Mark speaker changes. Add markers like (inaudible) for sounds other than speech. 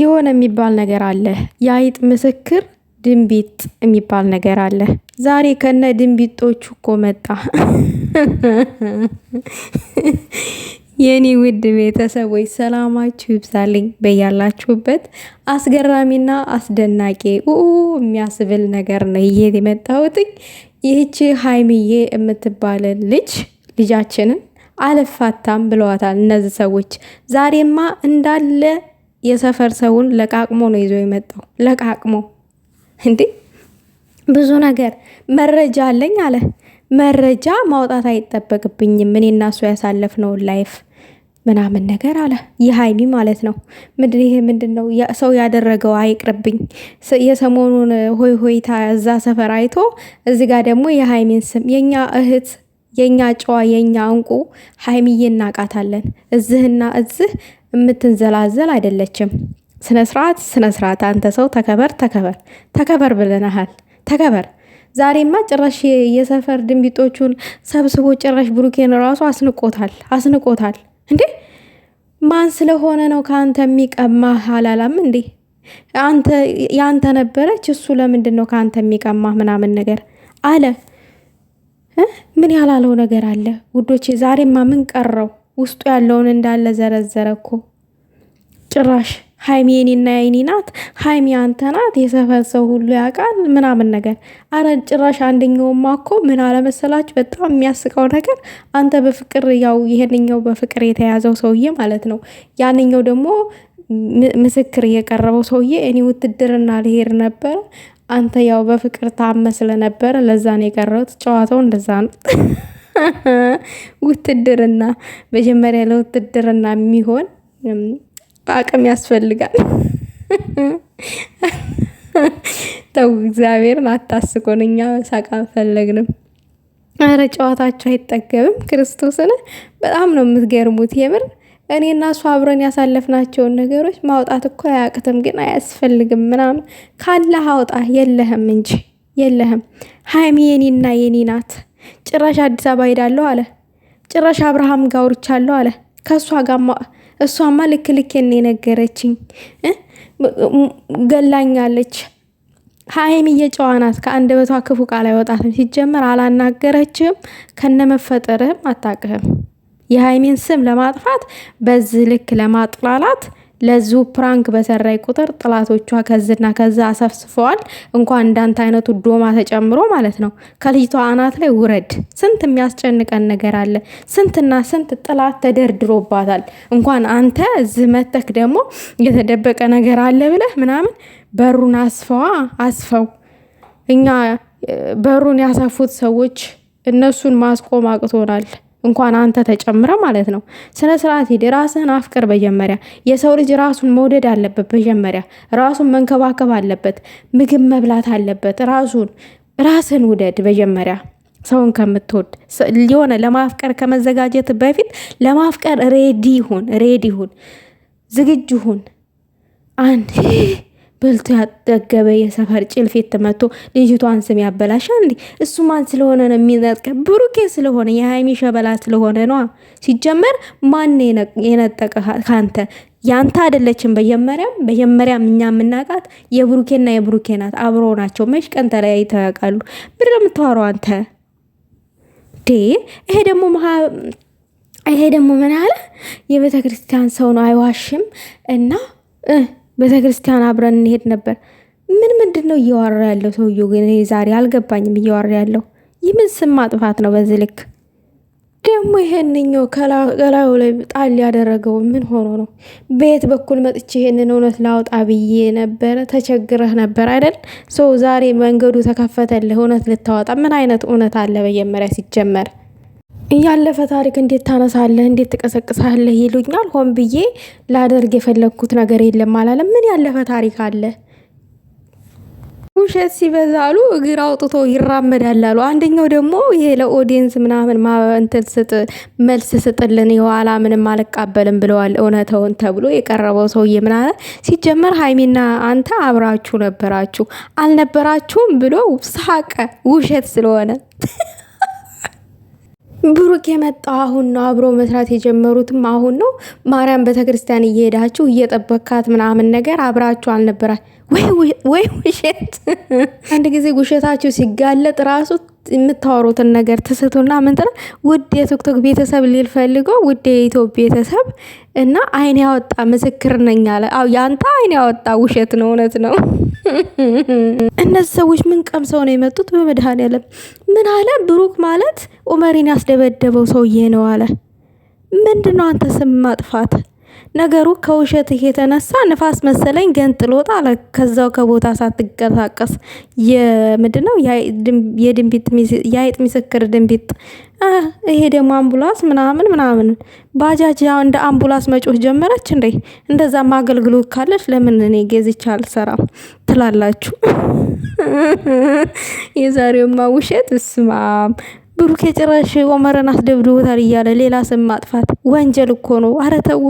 Speaker 1: የሆነ የሚባል ነገር አለ። የአይጥ ምስክር ድንቢጥ የሚባል ነገር አለ። ዛሬ ከነ ድንቢጦቹ እኮ መጣ። የኔ ውድ ቤተሰቦች ሰላማችሁ ይብዛልኝ በያላችሁበት። አስገራሚና አስደናቂ የሚያስብል ነገር ነው ይሄ የመጣሁትኝ። ይህቺ ሀይሚዬ የምትባል ልጅ ልጃችንን አልፋታም ብለዋታል እነዚህ ሰዎች። ዛሬማ እንዳለ የሰፈር ሰውን ለቃቅሞ ነው ይዞ የመጣው። ለቃቅሞ እንዴ ብዙ ነገር መረጃ አለኝ አለ። መረጃ ማውጣት አይጠበቅብኝም እኔ እና እሱ ያሳለፍነውን ላይፍ ምናምን ነገር አለ። የሀይሚ ማለት ነው። ምንድን ይሄ ምንድን ነው? ሰው ያደረገው አይቅርብኝ። የሰሞኑን ሆይ ሆይታ እዛ ሰፈር አይቶ እዚ ጋር ደግሞ የሀይሚን ስም የእኛ እህት የእኛ ጨዋ የእኛ እንቁ ሀይሚዬ እናቃታለን። እዝህና እዝህ የምትንዘላዘል አይደለችም። ስነ ስርዓት ስነ ስርዓት። አንተ ሰው ተከበር ተከበር ተከበር ብለናሃል። ተከበር ዛሬማ ጭራሽ የሰፈር ድንቢጦቹን ሰብስቦ ጭራሽ ብሩኬን ራሱ አስንቆታል አስንቆታል። እንዴ ማን ስለሆነ ነው ከአንተ የሚቀማህ አላላም እንዴ? ያንተ ነበረች እሱ ለምንድን ነው ከአንተ የሚቀማህ ምናምን ነገር አለ። ምን ያላለው ነገር አለ? ውዶቼ ዛሬማ ምን ቀረው? ውስጡ ያለውን እንዳለ ዘረዘረ እኮ ጭራሽ ሀይሚ የኔና የኔ ናት፣ ሀይሚ አንተ ናት፣ የሰፈር ሰው ሁሉ ያውቃል ምናምን ነገር። አረ ጭራሽ አንደኛውማ እኮ ምን አለመሰላችሁ፣ በጣም የሚያስቀው ነገር አንተ በፍቅር ያው ይሄንኛው በፍቅር የተያዘው ሰውዬ ማለት ነው። ያንኛው ደግሞ ምስክር የቀረበው ሰውዬ እኔ ውትድርና ልሄድ ነበር፣ አንተ ያው በፍቅር ታመስለ ነበረ፣ ለዛ ነው የቀረሁት። ጨዋታው እንደዛ ነው። (laughs) (laughs) ውትድርና መጀመሪያ ለውትድርና የሚሆን አቅም ያስፈልጋል። (laughs) ተው እግዚአብሔርን አታስቆን። እኛ ሳቅ አልፈለግንም። አረ ጨዋታቸው አይጠገብም። ክርስቶስን በጣም ነው የምትገርሙት። የምር እኔ እና እሱ አብረን ያሳለፍናቸውን ነገሮች ማውጣት እኮ አያቅትም፣ ግን አያስፈልግም ምናምን ካለህ አውጣ። የለህም እንጂ የለህም። ሀይሚ የኔና የኔ ናት። ጭራሽ አዲስ አበባ ሄዳለሁ አለ። ጭራሽ አብርሃም ጋር አውርቻለሁ አለ። ከእሷ ጋማ እሷማ ልክ ልክ ኔ ነገረችኝ፣ ገላኛለች። ሀይም እየጨዋናት ናት። ከአንደበቷ ክፉ ቃል አይወጣትም። ሲጀመር አላናገረችም። ከነመፈጠርህም አታቅህም። የሀይሜን ስም ለማጥፋት በዚህ ልክ ለማጥላላት ለዙ ፕራንክ በሰራይ ቁጥር ጥላቶቿ ከዝና ከዛ አሰፍስፈዋል። እንኳን እንዳንተ አይነቱ ዶማ ተጨምሮ ማለት ነው። ከልጅቷ አናት ላይ ውረድ። ስንት የሚያስጨንቀን ነገር አለ። ስንትና ስንት ጥላት ተደርድሮባታል። እንኳን አንተ እዚህ መተክ ደግሞ የተደበቀ ነገር አለ ብለህ ምናምን በሩን አስፈዋ አስፈው። እኛ በሩን ያሰፉት ሰዎች እነሱን ማስቆም አቅቶናል። እንኳን አንተ ተጨምረ ማለት ነው። ስነ ስርዓት ሂድ። ራስህን አፍቅር መጀመሪያ። የሰው ልጅ ራሱን መውደድ አለበት መጀመሪያ። ራሱን መንከባከብ አለበት። ምግብ መብላት አለበት። ራሱን ራስህን ውደድ መጀመሪያ ሰውን ከምትወድ ሊሆነ ለማፍቀር ከመዘጋጀት በፊት ለማፍቀር ሬዲ ሁን፣ ሬዲ ሁን፣ ዝግጁ ሁን። አንድ በልቶ ያጠገበ የሰፈር ጭልፊት ተመቶ ልጅቷን ስም ያበላሻ እንዲ እሱ ማን ስለሆነ ነው የሚነጥቀ? ብሩኬ ስለሆነ የሀይሚ ሸበላ ስለሆነ ነዋ። ሲጀመር ማን የነጠቀ ካንተ? ያንተ አይደለችም። በጀመሪያም በጀመሪያም እኛ የምናውቃት የብሩኬና የብሩኬ ናት። አብሮ ናቸው። መች ቀን ተለያይተው ያውቃሉ? ብር የምታወራው አንተ ዴ ይሄ ደግሞ ይሄ ደግሞ ምን አለ? የቤተ ክርስቲያን ሰው ነው አይዋሽም እና ቤተ ክርስቲያን አብረን እንሄድ ነበር። ምን ምንድን ነው እያወራ ያለው ሰውየው? ግን ዛሬ አልገባኝም። እያወራ ያለው ይህ ምን ስም ማጥፋት ነው? በዚህ ልክ ደግሞ ይሄንኛው ከላዩ ላይ ጣል ያደረገው ምን ሆኖ ነው? በየት በኩል መጥቼ ይሄንን እውነት ላውጣ ብዬ ነበረ። ተቸግረህ ነበር አይደል? ሰው ዛሬ መንገዱ ተከፈተልህ እውነት ልታወጣ። ምን አይነት እውነት አለ በየመሪያ ሲጀመር ያለፈ ታሪክ እንዴት ታነሳለህ? እንዴት ትቀሰቅሳለህ? ይሉኛል። ሆን ብዬ ላደርግ የፈለግኩት ነገር የለም አላለም። ምን ያለፈ ታሪክ አለ? ውሸት ሲበዛሉ እግር አውጥቶ ይራመዳል አሉ። አንደኛው ደግሞ ይሄ ለኦዲየንስ ምናምን እንትን ስጥ መልስ ስጥልን የኋላ ምንም አልቃበልም ብለዋል። እውነተውን ተብሎ የቀረበው ሰውዬ ምናለ ሲጀመር ሀይሚና አንተ አብራችሁ ነበራችሁ አልነበራችሁም ብሎ ሳቀ። ውሸት ስለሆነ ብሩክ የመጣ አሁን ነው። አብሮ መስራት የጀመሩትም አሁን ነው። ማርያም ቤተክርስቲያን እየሄዳችሁ እየጠበካት ምናምን ነገር አብራችሁ አልነበራል ወይ? ውሸት አንድ ጊዜ ውሸታችሁ ሲጋለጥ ራሱ የምታወሩትን ነገር ትስቱና ምንጥር ውድ የቲክቶክ ቤተሰብ ሊል ፈልገው ውድ የኢትዮ ቤተሰብ እና አይን ያወጣ ምስክር ነኝ አለ። አዎ ያንተ አይን ያወጣ ውሸት ነው፣ እውነት ነው። እነዚህ ሰዎች ምን ቀምሰው ነው የመጡት? በመድኃኔዓለም ምን አለ ብሩክ ማለት ኡመሪን ያስደበደበው ሰውዬ ነው አለ። ምንድነው አንተ ስም ማጥፋት ነገሩ ከውሸት የተነሳ ንፋስ መሰለኝ ገንጥሎ ጣለ። ከዛው ከቦታ ሳትንቀሳቀስ የምንድነው የድንቢጥ የአይጥ ምስክር ድንቢጥ። ይሄ ደግሞ አምቡላንስ ምናምን ምናምን ባጃጅ እንደ አምቡላንስ መጮህ ጀመረች እንዴ! እንደዛም አገልግሎት ካለች ለምን እኔ ገዝቼ አልሰራም ትላላችሁ? (laughs) የዛሬውማ ውሸት እስማም ብሩክ የጭራሽ ኦመረን አስደብድቦታል እያለ ሌላ ስም ማጥፋት ወንጀል እኮ ነው። አረ ተው